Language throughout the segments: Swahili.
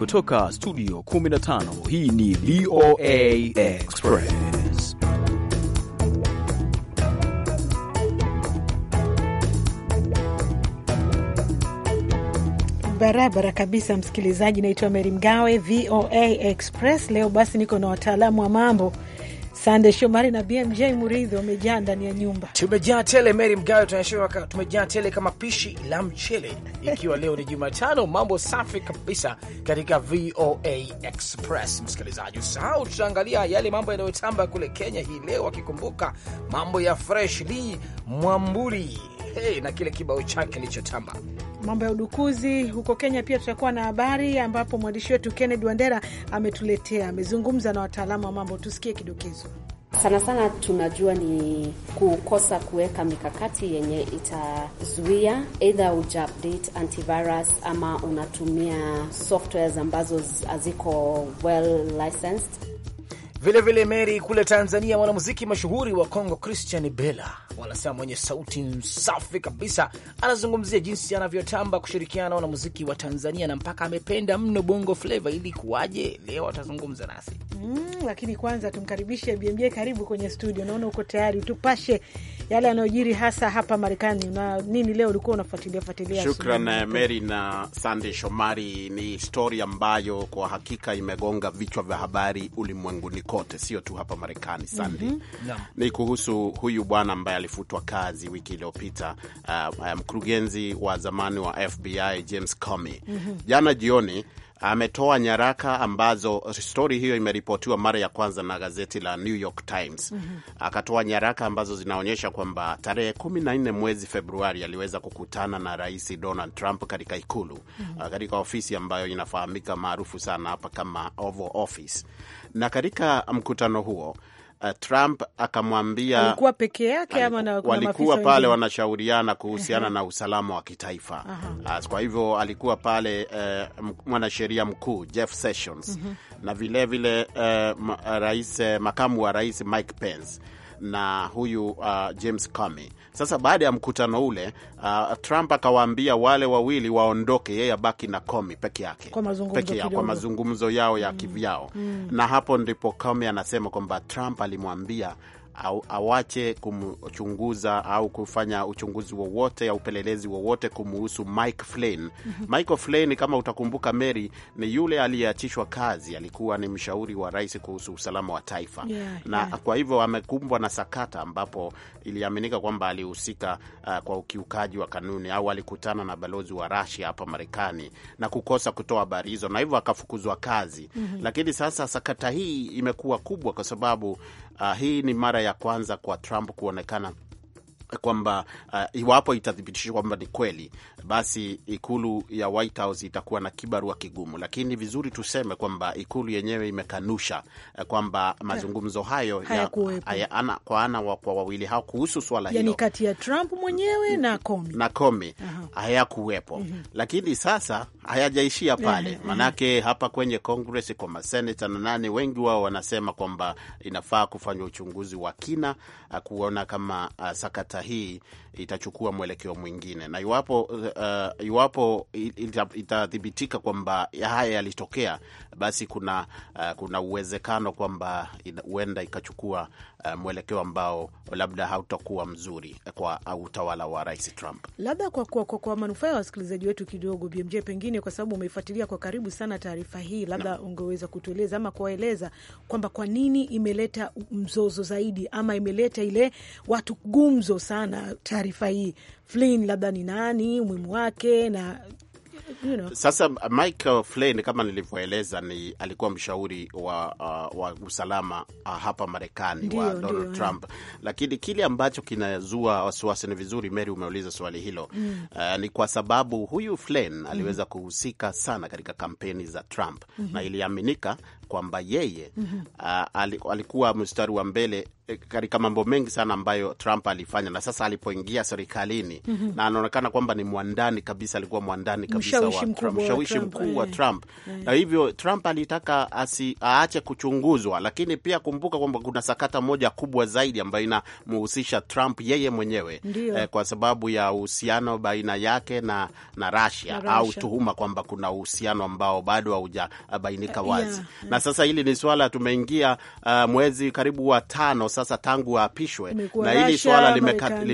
kutoka studio 15 hii ni VOA Express. Barabara kabisa, msikilizaji. Naitwa Meri Mgawe, VOA Express. Leo basi niko na wataalamu wa mambo Sande Shomari na BMJ Muridhi wamejaa ndani ya nyumba, tumejaa tele. Meri Mgawe, tunasema tumejaa tele kama pishi la mchele, ikiwa leo ni Jumatano. Mambo safi kabisa katika VOA Express. Msikilizaji, usahau tutaangalia yale mambo yanayotamba kule Kenya hii leo, wakikumbuka mambo ya Fresh Lee Mwamburi hey, eh, na kile kibao chake kilichotamba mambo ya udukuzi huko Kenya. Pia tutakuwa na habari ambapo mwandishi wetu Kennedy Wandera ametuletea, amezungumza na wataalamu wa mambo. Tusikie kidokezo. Sana sana tunajua ni kukosa kuweka mikakati yenye itazuia, either uja update antivirus ama unatumia softwares ambazo haziko well licensed. Vilevile Mary, kule Tanzania, mwanamuziki mashuhuri wa congo Christian Bella wanasema mwenye sauti safi kabisa, anazungumzia jinsi anavyotamba kushirikiana na wanamuziki wa Tanzania na mpaka amependa mno bongo fleva. Ili kuwaje? Leo atazungumza nasi mm, lakini kwanza tumkaribishe BMJ. Karibu kwenye studio, naona uko tayari, tupashe yale yanayojiri hasa hapa Marekani na nini leo ulikuwa unafuatilia fuatilia. Shukran eh, Mary na Sandey Shomari. Ni stori ambayo kwa hakika imegonga vichwa vya habari ulimwenguni kote, sio tu hapa Marekani. Sandey, mm -hmm. ni kuhusu huyu bwana ambaye alifutwa kazi wiki iliyopita, uh, uh mkurugenzi wa zamani wa FBI James Comey mm -hmm. jana jioni ametoa nyaraka ambazo stori hiyo imeripotiwa mara ya kwanza na gazeti la New York Times. mm -hmm. Akatoa nyaraka ambazo zinaonyesha kwamba tarehe kumi na nne mwezi Februari aliweza kukutana na Rais Donald Trump katika Ikulu mm -hmm. katika ofisi ambayo inafahamika maarufu sana hapa kama Oval Office, na katika mkutano huo uh, Trump akamwambia alikuwa peke yake ama na walikuwa pale wanashauriana kuhusiana uh -huh. na usalama wa kitaifa uh ah, -huh. Kwa hivyo alikuwa pale uh, mwanasheria mkuu Jeff Sessions uh mhm. -huh. na vile vile, uh, rais makamu wa rais Mike Pence na huyu uh, James Comey sasa baada ya mkutano ule uh, Trump akawaambia wale wawili waondoke, yeye abaki na Comey peke yake peke yao kwa mazungumzo yao ya mm. kivyao mm. na hapo ndipo Comey anasema kwamba Trump alimwambia au awache kumchunguza au kufanya uchunguzi wowote au upelelezi wowote kumuhusu Mike Flynn. Mhm. Michael Flynn, kama utakumbuka Mary, ni yule aliyeachishwa kazi, alikuwa ni mshauri wa rais kuhusu usalama wa taifa yeah, na yeah. Kwa hivyo amekumbwa na sakata ambapo iliaminika kwamba alihusika uh, kwa ukiukaji wa kanuni au alikutana na balozi wa Russia hapa Marekani na kukosa kutoa habari hizo na hivyo akafukuzwa kazi mm -hmm. Lakini sasa sakata hii imekuwa kubwa kwa sababu Uh, hii ni mara ya kwanza kwa Trump kuonekana kwamba uh, iwapo itathibitishwa kwamba ni kweli, basi ikulu ya White House itakuwa na kibarua kigumu, lakini vizuri tuseme kwamba ikulu yenyewe imekanusha uh, kwamba mazungumzo hayo ya ana kwa ana wa kwa wawili hao kuhusu swala hilo, yani kati ya Trump mwenyewe mm, na Comey na Comey hayakuwepo. mm -hmm. Lakini sasa hayajaishia eh, pale, eh. manake hapa kwenye Congress kwa maseneta na nani, wengi wao wanasema kwamba inafaa kufanywa uchunguzi wa kina uh, kuona kama uh, sakata He. itachukua mwelekeo mwingine, na iwapo, uh, iwapo itathibitika kwamba haya yalitokea, basi kuna, uh, kuna uwezekano kwamba huenda ikachukua uh, mwelekeo ambao labda hautakuwa mzuri kwa uh, utawala wa Rais Trump. Labda kwa, kwa, kwa, kwa manufaa ya wasikilizaji wetu kidogo, BMJ, pengine kwa sababu umeifuatilia kwa karibu sana taarifa hii, labda no. ungeweza kutueleza ama kuwaeleza kwamba kwa nini imeleta mzozo zaidi ama imeleta ile watu gumzo sana taarifa hii, Flynn labda ni nani, umuhimu wake na You know. Sasa Michael Flynn kama nilivyoeleza, ni alikuwa mshauri wa, uh, wa usalama uh, hapa Marekani wa Donald dio, Trump yeah. Lakini kile ambacho kinazua wasiwasi, ni vizuri Mary umeuliza swali hilo mm. Uh, ni kwa sababu huyu Flynn mm. aliweza kuhusika sana katika kampeni za Trump mm -hmm. Na iliaminika kwamba yeye mm -hmm. uh, alikuwa mstari wa mbele e, katika mambo mengi sana ambayo Trump alifanya na sasa alipoingia serikalini mm -hmm. na anaonekana kwamba ni mwandani kabisa, alikuwa mwandani kabisa mshawishi eh. mkuu wa Trump eh. na hivyo Trump alitaka asi, aache kuchunguzwa, lakini pia kumbuka kwamba kuna sakata moja kubwa zaidi ambayo inamhusisha Trump yeye mwenyewe eh, kwa sababu ya uhusiano baina yake na, na Russia, na Russia au tuhuma kwamba kuna uhusiano ambao bado haujabainika eh, wazi yeah, yeah. na sasa hili ni swala tumeingia uh, mwezi karibu wa tano sasa tangu aapishwe, na hili swala limekatalia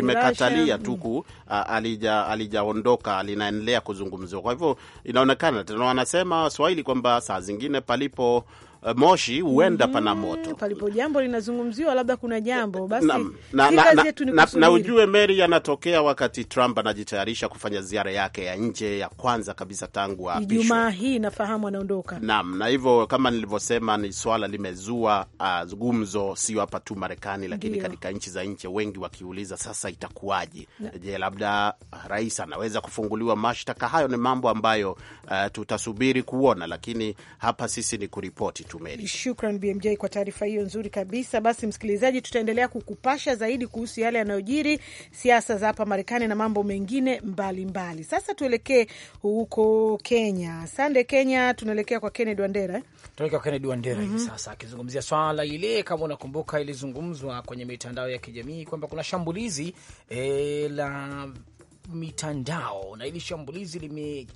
limeka tuku mm. uh, alija alijaondoka, linaendelea kuzungumziwa. Kwa hivyo inaonekana tena wanasema Swahili kwamba saa zingine palipo Eh, moshi huenda mhm, pana moto. Palipo jambo linazungumziwa, labda kuna jambo basi na, na, na, na, na, na ujue Mary yanatokea wakati Trump anajitayarisha kufanya ziara yake ya nje ya kwanza kabisa tangu apishwe Ijumaa hii, nafahamu anaondoka. Naam, na hivyo kama nilivyosema, ni swala limezua uh, gumzo, sio hapa tu Marekani, lakini katika nchi za nje, wengi wakiuliza sasa itakuwaje? Je, labda ah, rais anaweza kufunguliwa mashtaka? Hayo ni mambo ambayo uh, tutasubiri kuona, lakini hapa sisi ni kuripoti tu tu Meri. Shukran BMJ kwa taarifa hiyo nzuri kabisa. Basi msikilizaji, tutaendelea kukupasha zaidi kuhusu yale yanayojiri, siasa za hapa Marekani na mambo mengine mbalimbali mbali. Sasa tuelekee huko Kenya. Sande Kenya, tunaelekea kwa Kennedy Wandera. Eh? Tunaelekea kwa Kennedy Wandera hivi mm -hmm. Sasa akizungumzia swala ile, kama unakumbuka, ilizungumzwa kwenye mitandao ya kijamii kwamba kuna shambulizi e, la mitandao na hili shambulizi lime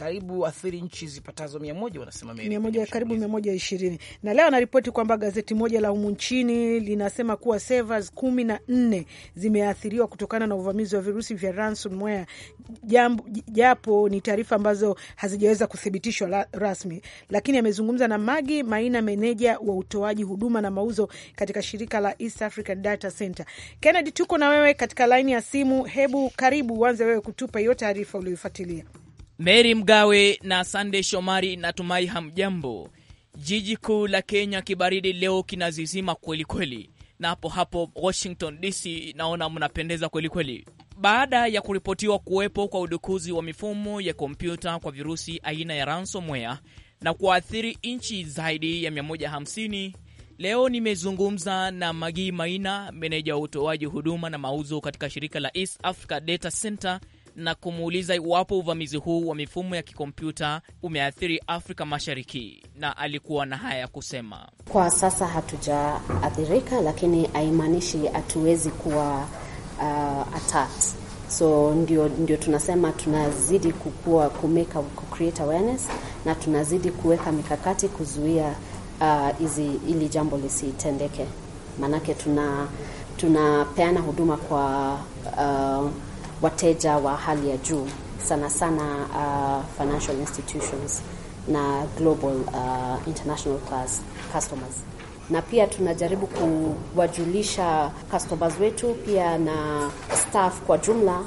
karibu athiri nchi zipatazo mia moja wanasema mia moja karibu mia moja ishirini na leo anaripoti kwamba gazeti moja la humu nchini linasema kuwa servers kumi na nne zimeathiriwa kutokana na uvamizi wa virusi vya ransomware, japo ni taarifa ambazo hazijaweza kuthibitishwa la, rasmi. Lakini amezungumza na Magi Maina, meneja wa utoaji huduma na mauzo katika shirika la East African Data Center. Kennedy, tuko na wewe katika laini ya simu. Hebu karibu, uanze wewe kutupa hiyo taarifa uliyoifuatilia. Mary Mgawe na Sande Shomari, natumai hamjambo. Jiji kuu la Kenya kibaridi leo kinazizima kwelikweli, na hapo hapo Washington DC naona mnapendeza kwelikweli. Baada ya kuripotiwa kuwepo kwa udukuzi wa mifumo ya kompyuta kwa virusi aina ya ransomware na kuathiri nchi zaidi ya 150, leo nimezungumza na Magii Maina, meneja wa utoaji huduma na mauzo katika shirika la East Africa Data Center na kumuuliza iwapo uvamizi huu wa mifumo ya kikompyuta umeathiri Afrika Mashariki, na alikuwa na haya ya kusema: kwa sasa hatujaathirika, lakini haimaanishi hatuwezi kuwa uh, attacked. So ndio, ndio tunasema tunazidi kukua kumeka, kucreate awareness na tunazidi kuweka mikakati kuzuia uh, hizi uh, ili jambo lisitendeke, maanake tuna tunapeana huduma kwa uh, wateja wa hali ya juu sana sana, uh, financial institutions na global uh, international class customers, na pia tunajaribu kuwajulisha customers wetu pia na staff kwa jumla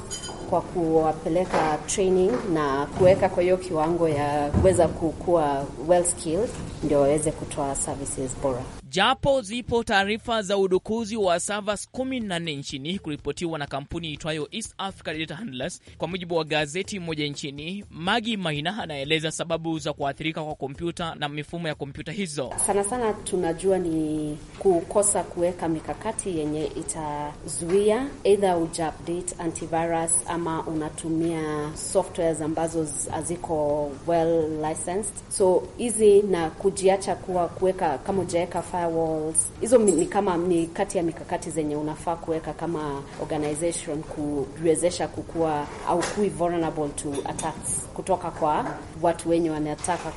kwa kuwapeleka training na kuweka kwa hiyo kiwango ya kuweza kukuwa well skilled ndio waweze kutoa services bora. Japo zipo taarifa za udukuzi wa servers 14 nchini kuripotiwa na kampuni itwayo East Africa Data Handlers, kwa mujibu wa gazeti moja nchini. Magi Maina anaeleza sababu za kuathirika kwa kompyuta na mifumo ya kompyuta hizo. Sana sana tunajua ni kukosa kuweka mikakati yenye itazuia, either uja update antivirus ama unatumia softwares ambazo haziko well licensed, so hizi na kujiacha kuwa kuweka kama ujaweka firewalls. Hizo ni kama ni kati ya mikakati zenye unafaa kuweka kama organization kuwezesha kukua au kui vulnerable to attacks kutoka kwa watu wenye wanataka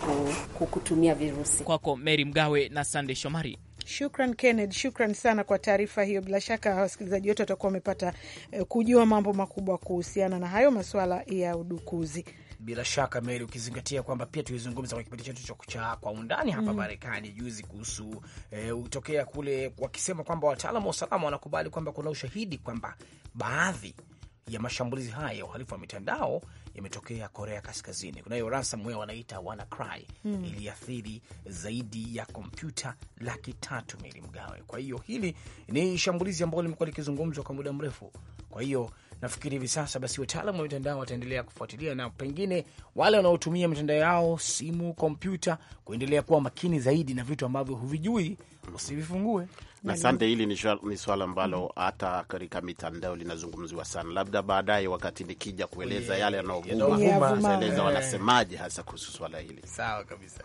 kukutumia virusi. Kwako Mary Mgawe na Sandey Shomari. Shukran Kenneth, shukran sana kwa taarifa hiyo. Bila shaka wasikilizaji wote watakuwa wamepata eh, kujua mambo makubwa kuhusiana na hayo masuala ya udukuzi bila shaka Meri, ukizingatia kwamba pia tulizungumza kwa kipindi chetu cha kwa undani hapa mm. Marekani juzi kuhusu e, eh, utokea kule wakisema kwamba wataalamu wa usalama wanakubali kwamba kuna ushahidi kwamba baadhi ya mashambulizi haya ya uhalifu wa mitandao yametokea Korea Kaskazini. Kuna hiyo ransomware wanaita WannaCry mm. iliathiri zaidi ya kompyuta laki tatu Meri Mgawe. Kwa hiyo hili ni shambulizi ambalo limekuwa likizungumzwa kwa muda mrefu, kwa hiyo nafikiri hivi sasa basi wataalamu wa mitandao wataendelea kufuatilia, na pengine wale wanaotumia mitandao yao, simu, kompyuta, kuendelea kuwa makini zaidi na vitu ambavyo huvijui usivifungue. Asante. Hili ni swala ambalo hata katika mitandao linazungumziwa sana, labda baadaye wakati nikija kueleza yeah, yale yanaovuma yeah, eh. wanasemaje hasa kuhusu swala hili. Sawa kabisa.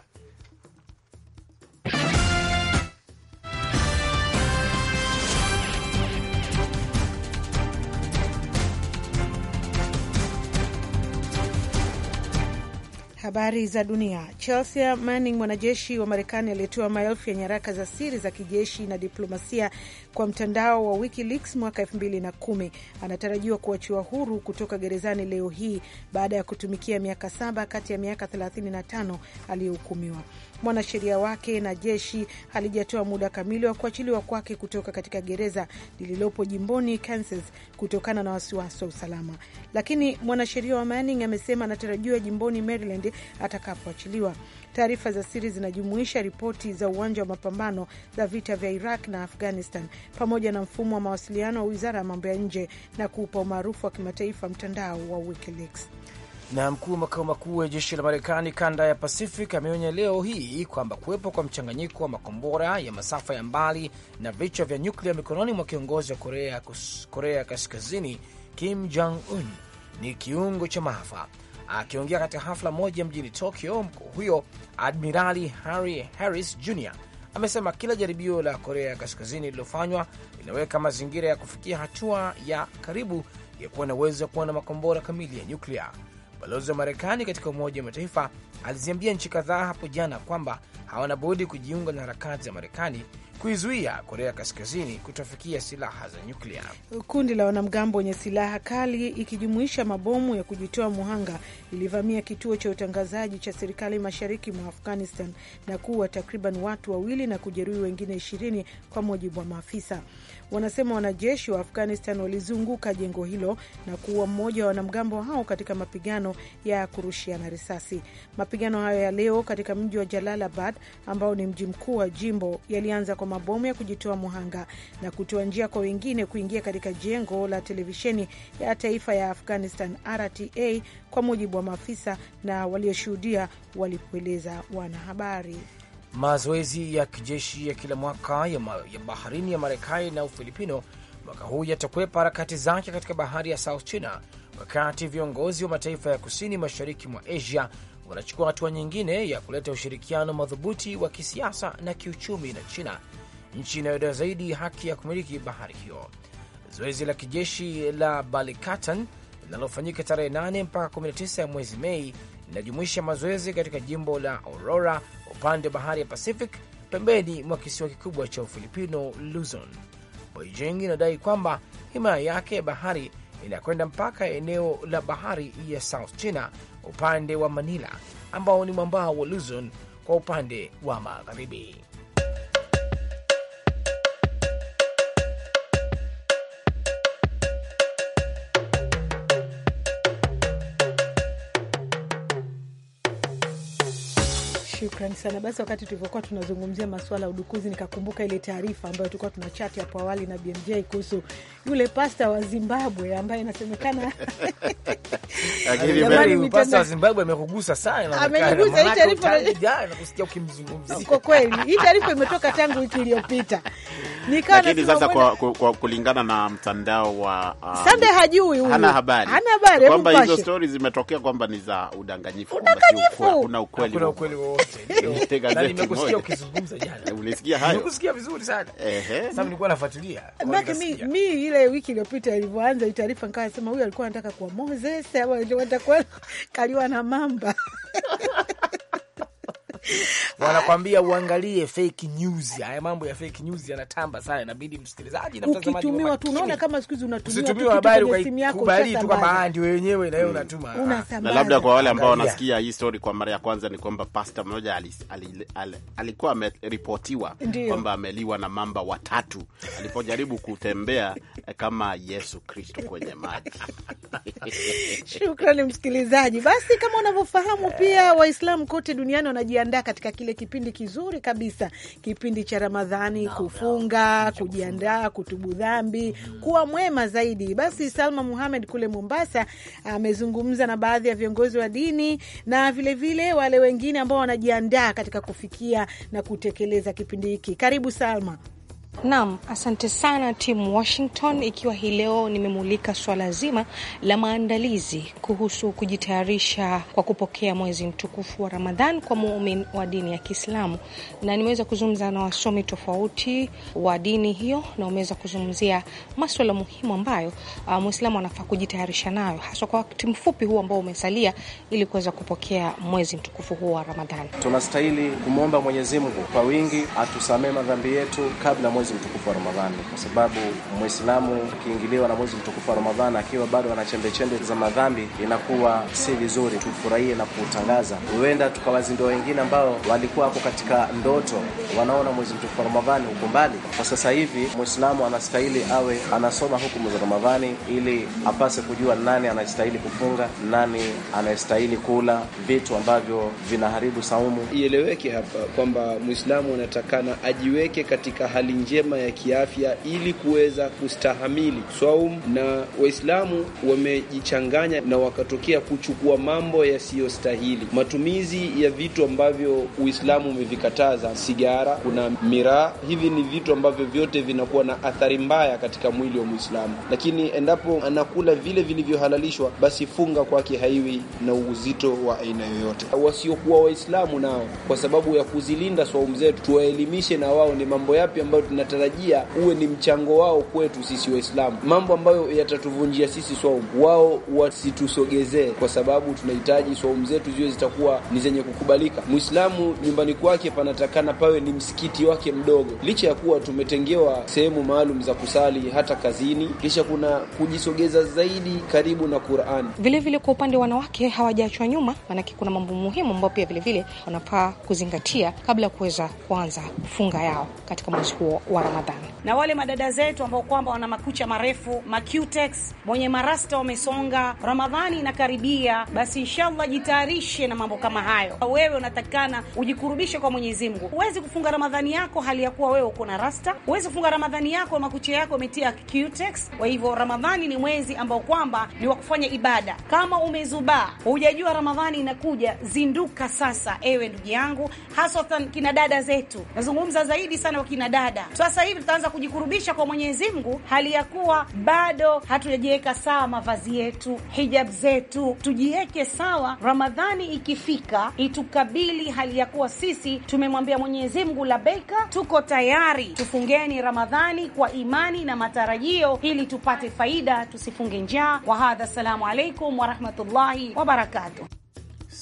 Habari za dunia. Chelsea Manning, mwanajeshi wa Marekani aliyetoa maelfu ya nyaraka za siri za kijeshi na diplomasia kwa mtandao wa WikiLeaks mwaka 2010 anatarajiwa kuachiwa huru kutoka gerezani leo hii baada ya kutumikia miaka saba kati ya miaka 35 aliyohukumiwa. Mwanasheria wake na jeshi halijatoa muda kamili wa kuachiliwa kwake kutoka katika gereza lililopo jimboni Kansas kutokana na wasiwasi wa usalama, lakini mwanasheria wa Manning amesema anatarajiwa jimboni Maryland atakapoachiliwa. Taarifa za siri zinajumuisha ripoti za uwanja wa mapambano za vita vya Iraq na Afghanistan pamoja na mfumo wa mawasiliano wa wizara ya mambo ya nje na kuupa umaarufu wa kimataifa mtandao wa Wikileaks. Na mkuu wa makao makuu ya jeshi la Marekani kanda ya Pacific ameonya leo hii kwamba kuwepo kwa mchanganyiko wa makombora ya masafa ya mbali na vichwa vya nyuklia mikononi mwa kiongozi wa Korea, Korea Kaskazini Kim Jong Un ni kiungo cha maafa Akiongea katika hafla moja mjini Tokyo, mkuu huyo Admirali Harry Harris Jr amesema kila jaribio la Korea ya Kaskazini lililofanywa linaweka mazingira ya kufikia hatua ya karibu ya kuwa na uwezo wa kuwa na makombora kamili ya nyuklia. Balozi wa Marekani katika Umoja wa Mataifa aliziambia nchi kadhaa hapo jana kwamba hawana budi kujiunga na harakati za Marekani kuizuia Korea Kaskazini kutofikia silaha za nyuklia. Kundi la wanamgambo wenye silaha kali ikijumuisha mabomu ya kujitoa muhanga ilivamia kituo cha utangazaji cha serikali mashariki mwa Afghanistan na kuua takriban watu wawili na kujeruhi wengine ishirini, kwa mujibu wa maafisa wanasema wanajeshi wa Afghanistan walizunguka jengo hilo na kuua mmoja wa wanamgambo hao katika mapigano ya kurushiana risasi. Mapigano hayo ya leo katika mji wa Jalalabad ambao ni mji mkuu wa jimbo yalianza kwa mabomu ya kujitoa muhanga na kutoa njia kwa wengine kuingia katika jengo la televisheni ya taifa ya Afghanistan RTA, kwa mujibu wa maafisa na walioshuhudia walipoeleza wanahabari. Mazoezi ya kijeshi ya kila mwaka ya, ma, ya baharini ya Marekani na Ufilipino mwaka huu yatakwepa harakati zake katika bahari ya South China, wakati viongozi wa mataifa ya kusini mashariki mwa Asia wanachukua hatua nyingine ya kuleta ushirikiano madhubuti wa kisiasa na kiuchumi na China, nchi inayodai zaidi haki ya kumiliki bahari hiyo. Zoezi la kijeshi la Balikatan linalofanyika tarehe 8 mpaka 19 ya mwezi Mei linajumuisha mazoezi katika jimbo la Aurora upande wa bahari ya Pacific pembeni mwa kisiwa kikubwa cha Ufilipino, Luzon. Beijing inadai kwamba himaya yake ya bahari inakwenda mpaka eneo la bahari ya South China upande wa Manila, ambao ni mwambao wa Luzon kwa upande wa magharibi. Shukran sana. Basi wakati tulivyokuwa tunazungumzia masuala ya udukuzi, nikakumbuka ile taarifa ambayo tulikuwa tuna chati hapo awali na BMJ kuhusu yule pasta wa Zimbabwe ambaye inasemekana pasta wa Zimbabwe amekugusa sana, amenigusa hii taarifa kwa kweli. Hii taarifa imetoka tangu wiki iliyopita, lakini sasa kwa, kwa, kulingana na mtandao wa um, Sande hajui huyu, hana habari, hana habari kwamba hizo stories zimetokea kwamba ni za udanganyifu, udanganyifu kuna ukweli mi, ile wiki iliyopita ilivyoanza hii taarifa, nikawa nasema huyu alikuwa anataka kuwa Moses au anataka kaliwa na mamba wanakwambia uangalie fake news. Haya mambo ya fake news yanatamba sana, inabidi msikilizaji na mtazamaji ukitumiwa tu, unaona kama siku hizi unatumiwa habari kwa simu yako, kubali tu kama ah, ndio wenyewe na wewe mm. unatuma. Na labda kwa wale ambao wanasikia hii story kwa mara ya kwanza, ni kwamba pasta mmoja alikuwa ameripotiwa kwamba ameliwa na mamba watatu alipojaribu kutembea kama Yesu Kristo kwenye maji. Shukrani msikilizaji. Basi kama unavyofahamu, eh. pia Waislamu kote duniani wanajiandaa katika kile kipindi kizuri kabisa, kipindi cha Ramadhani, kufunga, kujiandaa, kutubu dhambi, mm. kuwa mwema zaidi. Basi Salma Muhamed kule Mombasa amezungumza na baadhi ya viongozi wa dini na vilevile vile wale wengine ambao wanajiandaa katika kufikia na kutekeleza kipindi hiki. Karibu Salma. Naam, asante sana timu Washington, ikiwa hii leo nimemulika swala zima la maandalizi kuhusu kujitayarisha kwa kupokea mwezi mtukufu wa Ramadhan kwa muumini wa dini ya Kiislamu, na nimeweza kuzungumza na wasomi tofauti wa dini hiyo, na umeweza kuzungumzia maswala muhimu ambayo uh, mwislamu anafaa kujitayarisha nayo haswa kwa wakati mfupi huu ambao umesalia ili kuweza kupokea mwezi mtukufu huu wa Ramadhan. Tunastahili kumwomba Mwenyezi Mungu kwa wingi atusamee madhambi yetu kabla mwezi mtukufu wa Ramadhani, kwa sababu Muislamu akiingiliwa na mwezi mtukufu wa Ramadhani akiwa bado ana chembechembe za madhambi inakuwa si vizuri. Tufurahie na kuutangaza, huenda tukawazindua wengine ambao walikuwa hapo katika ndoto, wanaona mwezi mtukufu wa Ramadhani huko mbali. Kwa sasa hivi Muislamu anastahili awe anasoma hukumu za Ramadhani ili apase kujua nani anastahili kufunga, nani anastahili kula vitu ambavyo vinaharibu saumu. Ieleweke hapa kwamba Muislamu anatakana ajiweke katika hali njema ya kiafya ili kuweza kustahamili swaum na Waislamu wamejichanganya na wakatokea kuchukua mambo yasiyostahili, matumizi ya vitu ambavyo Uislamu umevikataza, sigara, kuna miraa. Hivi ni vitu ambavyo vyote vinakuwa na athari mbaya katika mwili wa Mwislamu, lakini endapo anakula vile vilivyohalalishwa, basi funga kwake haiwi na uzito wa aina yoyote. Wasiokuwa Waislamu nao, kwa sababu ya kuzilinda swaum zetu, tuwaelimishe na wao ni mambo yapi ambayo tuna tunatarajia uwe ni mchango wao kwetu sisi Waislamu, mambo ambayo yatatuvunjia sisi swaumu, wao wasitusogezee, kwa sababu tunahitaji swaumu zetu ziwe zitakuwa ni zenye kukubalika. Mwislamu nyumbani kwake panatakana pawe ni msikiti wake mdogo, licha ya kuwa tumetengewa sehemu maalum za kusali hata kazini, kisha kuna kujisogeza zaidi karibu na Qur'an. Vile vile kwa upande wa wanawake hawajaachwa nyuma, maanake kuna mambo muhimu ambayo pia vile vile wanafaa kuzingatia kabla ya kuweza kuanza funga yao katika mwezi huo wa Ramadhani. Na wale madada zetu ambao kwamba wana makucha marefu macutex, mwenye marasta wamesonga, Ramadhani inakaribia, basi inshallah jitayarishe na mambo kama hayo. Wewe unatakikana ujikurubishe kwa Mwenyezi Mungu. Huwezi kufunga Ramadhani yako hali ya kuwa wewe uko na rasta, huwezi kufunga Ramadhani yako makucha yako umetia cutex. Kwa hivyo Ramadhani ni mwezi ambao kwamba ni wa kufanya ibada. Kama umezubaa, hujajua Ramadhani inakuja, zinduka sasa, ewe ndugu yangu, hasatan kina dada zetu. Nazungumza zaidi sana wakina dada sasa hivi tutaanza kujikurubisha kwa Mwenyezi Mungu, hali ya kuwa bado hatujajiweka sawa mavazi yetu, hijab zetu, tujiweke sawa. Ramadhani ikifika, itukabili hali ya kuwa sisi tumemwambia Mwenyezi Mungu labeika, tuko tayari. Tufungeni Ramadhani kwa imani na matarajio, ili tupate faida, tusifunge njaa. Wahadha, assalamu alaikum warahmatullahi wabarakatuh.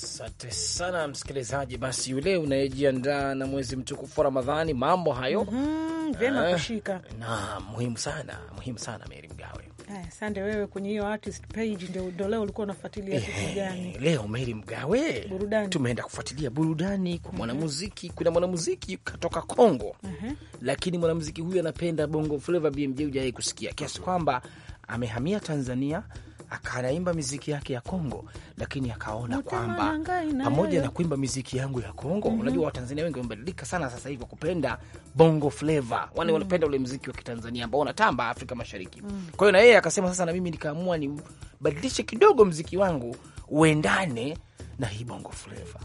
Asante sana msikilizaji, basi yule unayejiandaa na mwezi mtukufu wa Ramadhani, mambo hayo mm -hmm, kushika na muhimu sana, muhimu sana Meri Mgawe. Asante wewe kwenye hiyo artist page ndio leo ulikuwa unafuatilia kitu eh, gani? Leo Meri Mgawe, burudani. Tumeenda kufuatilia burudani kwa mhm. mwanamuziki mm -hmm. Kuna mwanamuziki kutoka Kongo mm -hmm. Lakini mwanamuziki huyu anapenda bongo flava, BMJ hujawai kusikia kiasi kwamba amehamia Tanzania akanaimba miziki yake ya Kongo, lakini akaona kwamba pamoja na kuimba miziki yangu ya Kongo mm -hmm. Unajua Watanzania wengi wamebadilika sana sasa hivi kupenda bongo flava wale mm -hmm. wanapenda ule mziki wa Kitanzania ambao unatamba Afrika Mashariki mm -hmm. Kwa hiyo na yeye akasema sasa, na mimi nikaamua nibadilishe kidogo mziki wangu uendane na hii bongo flava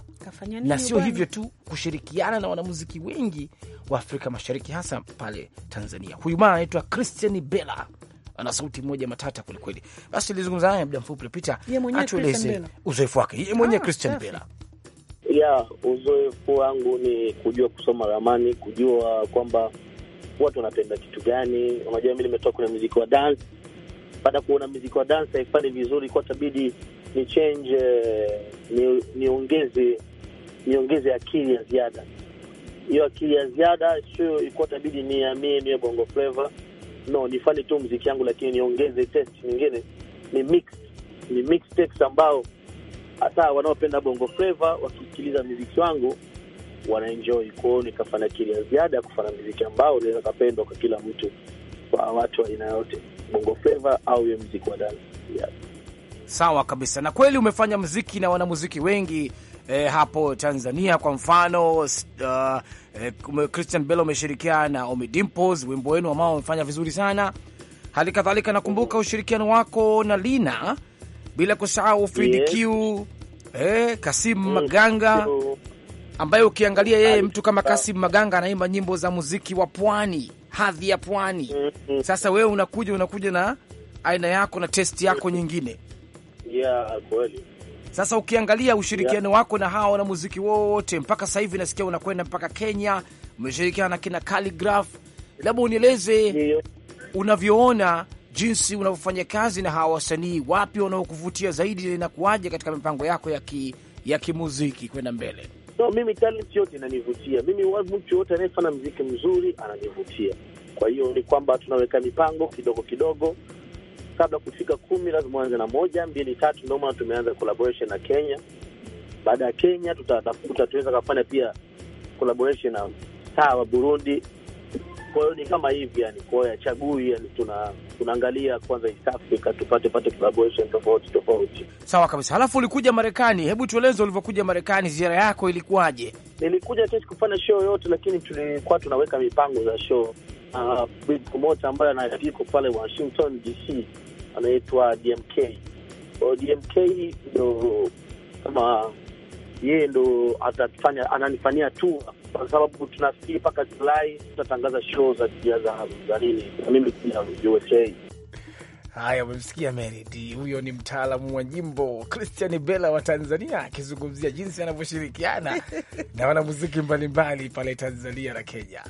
na sio hivyo tu, kushirikiana na wanamuziki wengi wa Afrika Mashariki, hasa pale Tanzania. Huyu maa anaitwa Christian Bella ana sauti moja matata kwelikweli. Basi nilizungumza naye muda mfupi uliopita, atueleze uzoefu wake yeye mwenyewe ah, Christian Bela. Ya uzoefu wangu ni kujua kusoma ramani, kujua kwamba watu wanapenda kitu gani. Unajua, mi nimetoka kwenye muziki wa dance, baada ya kuona muziki wa dance haifanyi vizuri, kwa tabidi ni change, ni niongeze akili ya ziada. Hiyo akili ya ziada sio ikuwa tabidi niamie niwe bongo flava no, nifanye tu mziki yangu, lakini niongeze test nyingine, ni mix ni mix text ambao hata wanaopenda bongo flavor wakisikiliza mziki wangu wanaenjoy. Kwao nikafanya kile ya ziada kufanya mziki ambao unaweza kapendwa kwa kila mtu, kwa watu aina yote, bongo flavor au hiyo mziki wa dance. Sawa kabisa, na kweli umefanya mziki na wanamuziki wengi eh, hapo Tanzania kwa mfano uh, eh, Christian Bello ameshirikiana na Ommy Dimples, wimbo wenu ambao umefanya vizuri sana. Hali kadhalika nakumbuka ushirikiano wako na Lina, bila kusahau Fid Q eh, Kasim mm, Maganga ambaye ukiangalia yeye mtu kama Kasim Maganga anaimba nyimbo za muziki wa pwani, hadhi ya pwani. Mm, mm. Sasa wewe unakuja unakuja na aina yako na testi yako nyingine, yeah, kweli sasa ukiangalia ushirikiano yeah, wako na hawa wanamuziki wote, mpaka sasa hivi nasikia unakwenda mpaka Kenya, umeshirikiana na kina Khaligraph. Labda unieleze yeah, unavyoona jinsi unavyofanya kazi na hawa wasanii, wapi wanaokuvutia zaidi, inakuwaje katika mipango yako ya ki, ya kimuziki kwenda mbele? So mimi talent yote inanivutia mimi, mtu yote anayefanya mziki mzuri ananivutia. Kwa hiyo ni kwamba tunaweka mipango kidogo kidogo kabla kufika kumi lazima uanze na moja mbili tatu. Ndio maana tumeanza collaboration na Kenya. Baada ya Kenya tutatafuta tuweza kufanya pia collaboration na saa wa Burundi. Kwa hiyo ni kama hivi yani, kwa hiyo yachagui yani, tuna tunaangalia kwanza East Africa tupate pate collaboration tofauti tofauti. Sawa kabisa. Halafu ulikuja Marekani, hebu tueleze ulivyokuja Marekani, ziara yako ilikuwaje? Nilikuja tu kufanya show yote, lakini tulikuwa tunaweka mipango za show uh, ah, moja ambayo anayapiko pale Washington DC anaitwa DMK. O, DMK ndo kama yeye ndo atafanya ananifanyia tu kwa sababu tunafikiri mpaka Julai tutatangaza show za za nini na mimi pia USA Haya, umemsikia Meridi, huyo ni mtaalamu wa nyimbo Christian Bella wa Tanzania akizungumzia jinsi anavyoshirikiana na wanamuziki mbalimbali pale Tanzania na Kenya.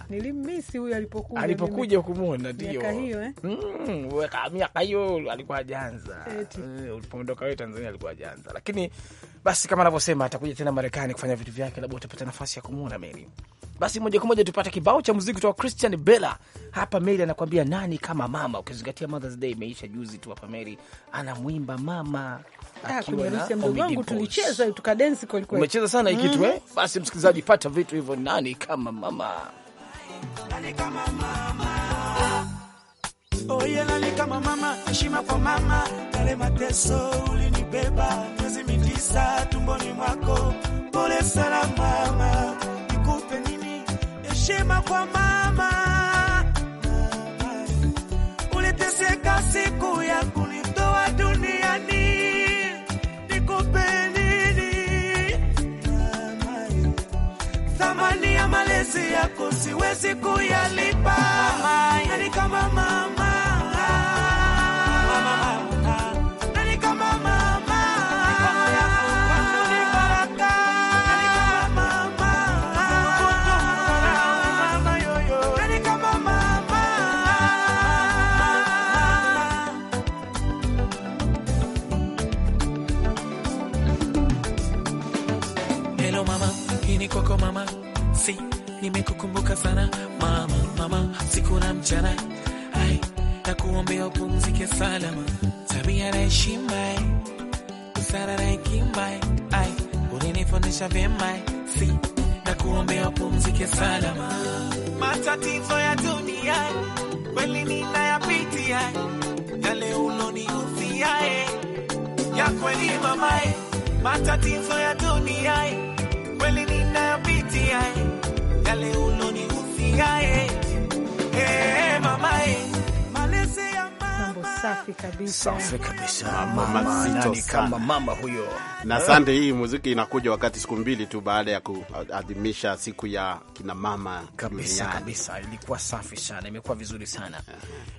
huyo alipokuja, alipokuja kumwona, ndio miaka hiyo eh? mm, alikuwa janza, eh, ulipoondoka wewe Tanzania alikuwa janza, lakini basi kama anavyosema atakuja tena Marekani kufanya vitu vyake, labda utapata nafasi ya kumwona Meli. Basi moja kwa moja tupate kibao cha muziki kutoka Christian Bella. Hapa Meli anakuambia nani kama mama, ukizingatia Mother's Day imeisha juzi tu. Hapa Meri anamwimba mama ah, tulicheza tukadensi kweli umecheza sana hii kitu mm. eh. Basi msikilizaji, pata vitu hivyo, nani kama mama, nani kama mama, oye, nani kama mama, heshima kwa mama, yale mateso ulinibeba kabisa tumboni mwako. Pole sana mama, nikupe nini? Heshima kwa mama, mama. Uliteseka siku ya kunitoa duniani, nikupe nini mama? Thamani ya malezi yako siwezi kuyalipa yani kama mama Hello mama, hii ni kwako mama, si nimekukumbuka sana mama, mama siku na mchana, hai nakuombea upumzike salama, tabia na heshima, eh. busara na hekima, eh. hai ulinifundisha vyema, eh. si nakuombea upumzike salama. Matatizo ya dunia kweli ninayapitia, yale ulonihusia ya kweli mama, matatizo ya dunia unapitia yale unonihufia, hey, ee, mamae ee. Safi kabisa, safi kabisa. Mama, mama, mama huyo. Na eh? sande, hii muziki inakuja wakati siku mbili tu baada ya kuadhimisha siku ya kina mama kabisa kabisa. Ilikuwa safi sana, imekuwa vizuri sana eh.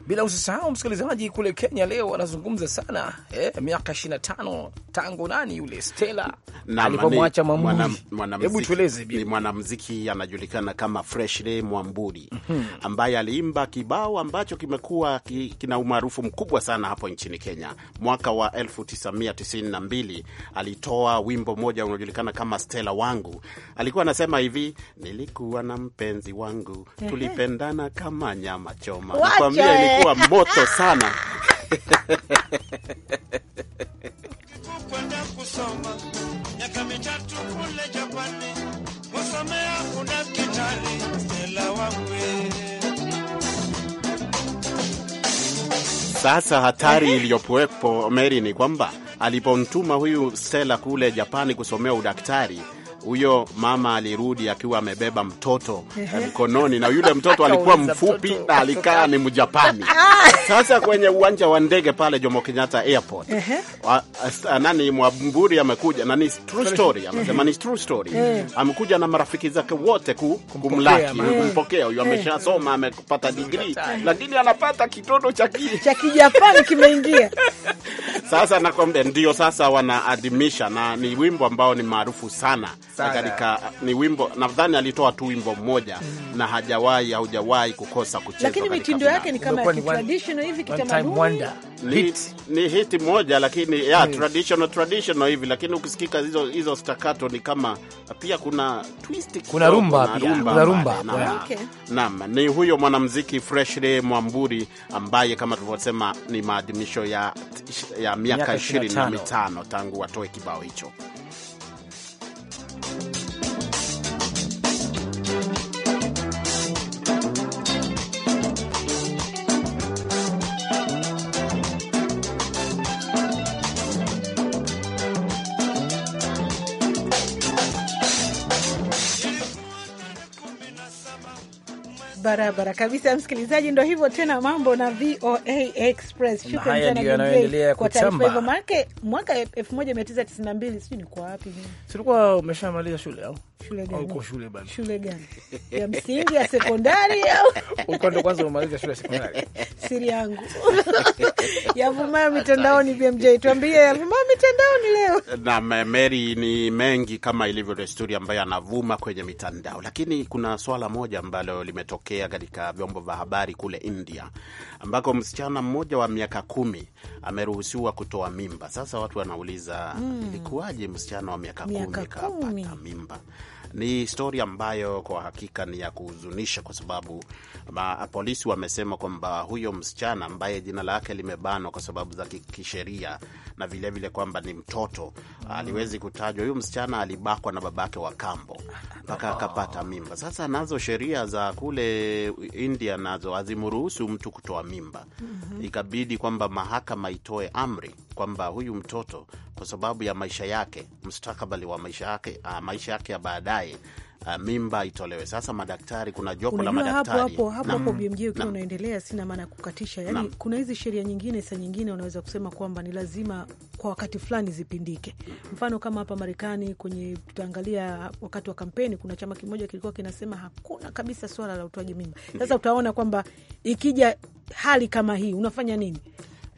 bila usisahau msikilizaji, kule Kenya leo wanazungumza sana eh, miaka 25 tangu nani yule Stella alipomwacha Mwamburi. Hebu tueleze, ni mwanamuziki anajulikana kama Freshly Mwamburi mhm. ambaye aliimba kibao ambacho kimekuwa kina umaarufu mkubwa kubwa sana hapo nchini Kenya. Mwaka wa 1992 alitoa wimbo mmoja unaojulikana kama Stella Wangu. Alikuwa anasema hivi, nilikuwa na mpenzi wangu tulipendana kama nyama choma. Nakwambia ilikuwa moto sana Sasa hatari iliyopowepo Mary ni kwamba alipomtuma huyu Stella kule Japani kusomea udaktari huyo mama alirudi akiwa amebeba mtoto mkononi, na yule mtoto alikuwa mfupi na alikaa ni Mjapani. Sasa kwenye uwanja wa ndege pale Jomo Kenyatta Airport, nani Mwamburi amekuja na ni true story, amesema ni true story, amekuja na marafiki zake wote kumlaki, kumpokea huyo. Ameshasoma, amepata digrii, lakini anapata kitoto cha Kijapani kimeingia Sasa nakwambia ndio, sasa wanaadhimisha, na ni wimbo ambao ni maarufu sana katika, uh, ni wimbo nadhani alitoa tu wimbo mmoja mm. na hajawahi haujawahi kukosa kucheza lakini mitindo yake ni kama traditional hivi kitamaduni Hit. Ni hit moja lakini ya yeah, traditional traditional hivi, lakini ukisikika hizo hizo staccato ni kama pia kuna twist, kuna rumba, kuna rumba, kuna rumba. Naam, Okay. ni huyo mwanamuziki Freshly Mwamburi ambaye kama tulivyosema ni maadhimisho ya ya miaka 25 tangu watoe kibao hicho. barabara kabisa, msikilizaji. Ndo hivyo tena mambo na VOA Express. Shukrani sana yanayoendelea kwa taarifa hivyo, maanake mwaka 1992 sijui niko wapi, silikuwa umeshamaliza shule au shule gani? Uko shule shule gani ya msingi ya sekondari au uko ndo kwanza umaliza shule ya sekondari? Siri yangu yavumayo mitandaoni. BMJ, tuambie yavumayo mitandaoni leo. Na Mary, ni mengi kama ilivyo desturi ambayo anavuma kwenye mitandao, lakini kuna swala moja ambalo limetokea kutokea katika vyombo vya habari kule India, ambako msichana mmoja wa miaka kumi ameruhusiwa kutoa mimba. Sasa watu wanauliza mm, ilikuwaje msichana wa miaka kumi kapata mimba? Ni historia ambayo kwa hakika ni ya kuhuzunisha, kwa sababu ma, polisi wamesema kwamba huyo msichana ambaye jina lake limebanwa kwa sababu za kisheria na vilevile kwamba ni mtoto mm. aliwezi kutajwa. Huyu msichana alibakwa na babake wa kambo mpaka akapata mimba. Sasa nazo sheria za kule India nazo hazimruhusu mtu kutoa mimba, mm-hmm. ikabidi kwamba mahakama itoe amri kwamba huyu mtoto kwa sababu ya maisha yake, mustakabali wa maisha yake, ah, maisha yake ya baadaye baadaye Uh, mimba itolewe. Sasa madaktari, kuna jopo la madaktari hapo hapo hapo BMJ ukiwa unaendelea, sina maana ya kukatisha. Yani na, kuna hizi sheria nyingine, saa nyingine unaweza kusema kwamba ni lazima kwa wakati fulani zipindike. Mfano kama hapa Marekani kwenye, tutaangalia wakati wa kampeni, kuna chama kimoja kilikuwa kinasema hakuna kabisa swala la utoaji mimba. Sasa utaona kwamba ikija hali kama hii unafanya nini?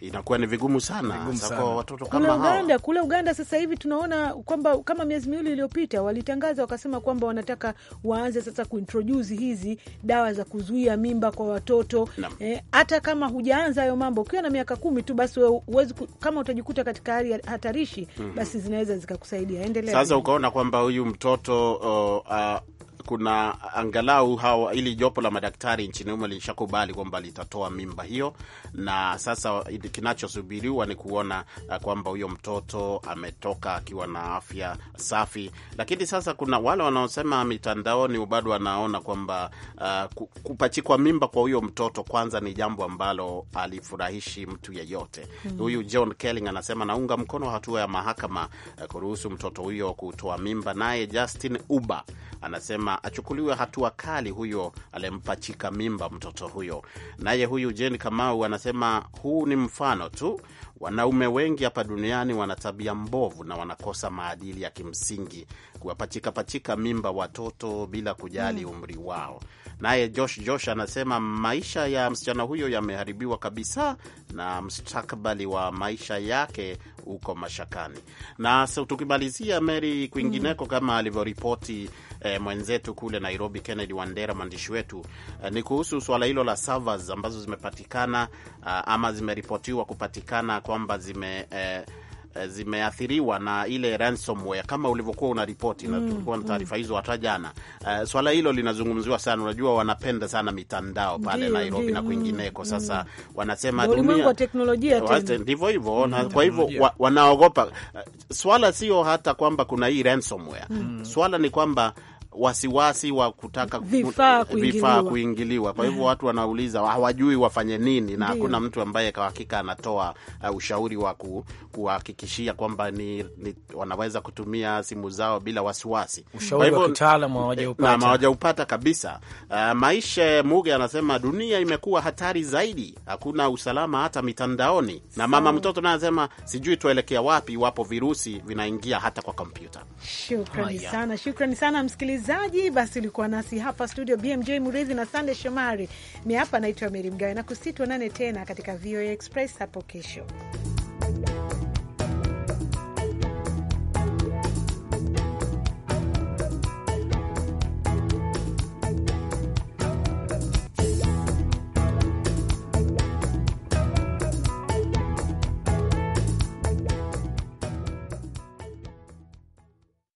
inakuwa ni vigumu sana kwa watoto kama kule Uganda hawa. Kule Uganda sasa hivi tunaona kwamba kama miezi miwili iliyopita walitangaza wakasema kwamba wanataka waanze sasa kuintroduce hizi dawa za kuzuia mimba kwa watoto eh, hata eh, kama hujaanza hayo mambo ukiwa na miaka kumi tu basi uwezi, kama utajikuta katika hali hatarishi mm -hmm. Basi zinaweza zikakusaidia. Endelea sasa, ukaona kwamba huyu mtoto uh, uh, kuna angalau hao, ili jopo la madaktari nchini humo lilishakubali kwamba litatoa mimba hiyo, na sasa kinachosubiriwa ni kuona uh, kwamba huyo mtoto ametoka akiwa na afya safi. Lakini sasa kuna wale wanaosema mitandaoni bado wanaona kwamba uh, kupachikwa mimba kwa huyo mtoto kwanza ni jambo ambalo alifurahishi mtu yeyote. Huyu hmm. Huyu John Kelling anasema naunga mkono hatua ya mahakama uh, kuruhusu mtoto huyo kutoa mimba. Naye Justin Uba anasema achukuliwe hatua kali huyo aliyempachika mimba mtoto huyo. Naye huyu Jane Kamau anasema huu ni mfano tu, wanaume wengi hapa duniani wana tabia mbovu na wanakosa maadili ya kimsingi, kuwapachika pachika mimba watoto bila kujali hmm. umri wao. Naye Josh Josh anasema maisha ya msichana huyo yameharibiwa kabisa na mstakbali wa maisha yake uko mashakani. Na so, tukimalizia Mary kwingineko, hmm. kama alivyoripoti eh, mwenzetu kule Nairobi, Kennedy Wandera, mwandishi wetu eh, ni kuhusu swala hilo la servers ambazo zimepatikana ah, ama zimeripotiwa kupatikana kwamba zime eh, Eh, zimeathiriwa na ile ransomware kama ulivyokuwa unaripoti mm, na tulikuwa na mm. taarifa hizo hata jana. Uh, swala hilo linazungumziwa sana. Unajua wanapenda sana mitandao pale Nairobi diyo, na kwingineko. Mm. Sasa wanasema ulimwengu teknolojia ndivyo hivyo, mm, na kwa hivyo wa, wanaogopa. Eh, swala sio hata kwamba kuna hii ransomware mm, swala ni kwamba wasiwasi wa kutaka eh, vifaa kuingiliwa. kuingiliwa kwa hivyo eh. watu wanauliza hawajui wafanye nini, na hakuna mtu ambaye kwa hakika anatoa uh, ushauri wa kuhakikishia kwamba ni, ni wanaweza kutumia simu zao bila wasiwasi. Kwa hivyo kitaalamu hawajaupata, eh, hawajaupata kabisa. Uh, Maisha Muge anasema dunia imekuwa hatari zaidi, hakuna usalama hata mitandaoni, na mama mtoto naye anasema sijui tuelekea wapi iwapo virusi vinaingia hata kwa kompyuta. Shukrani sana, shukrani sana msikilizaji msikilizaji, basi ulikuwa nasi hapa studio BMJ Muridhi na Sande Shomari. Mi hapa naitwa Meri Mgawe na kusitwa nane tena katika VOA Express hapo kesho.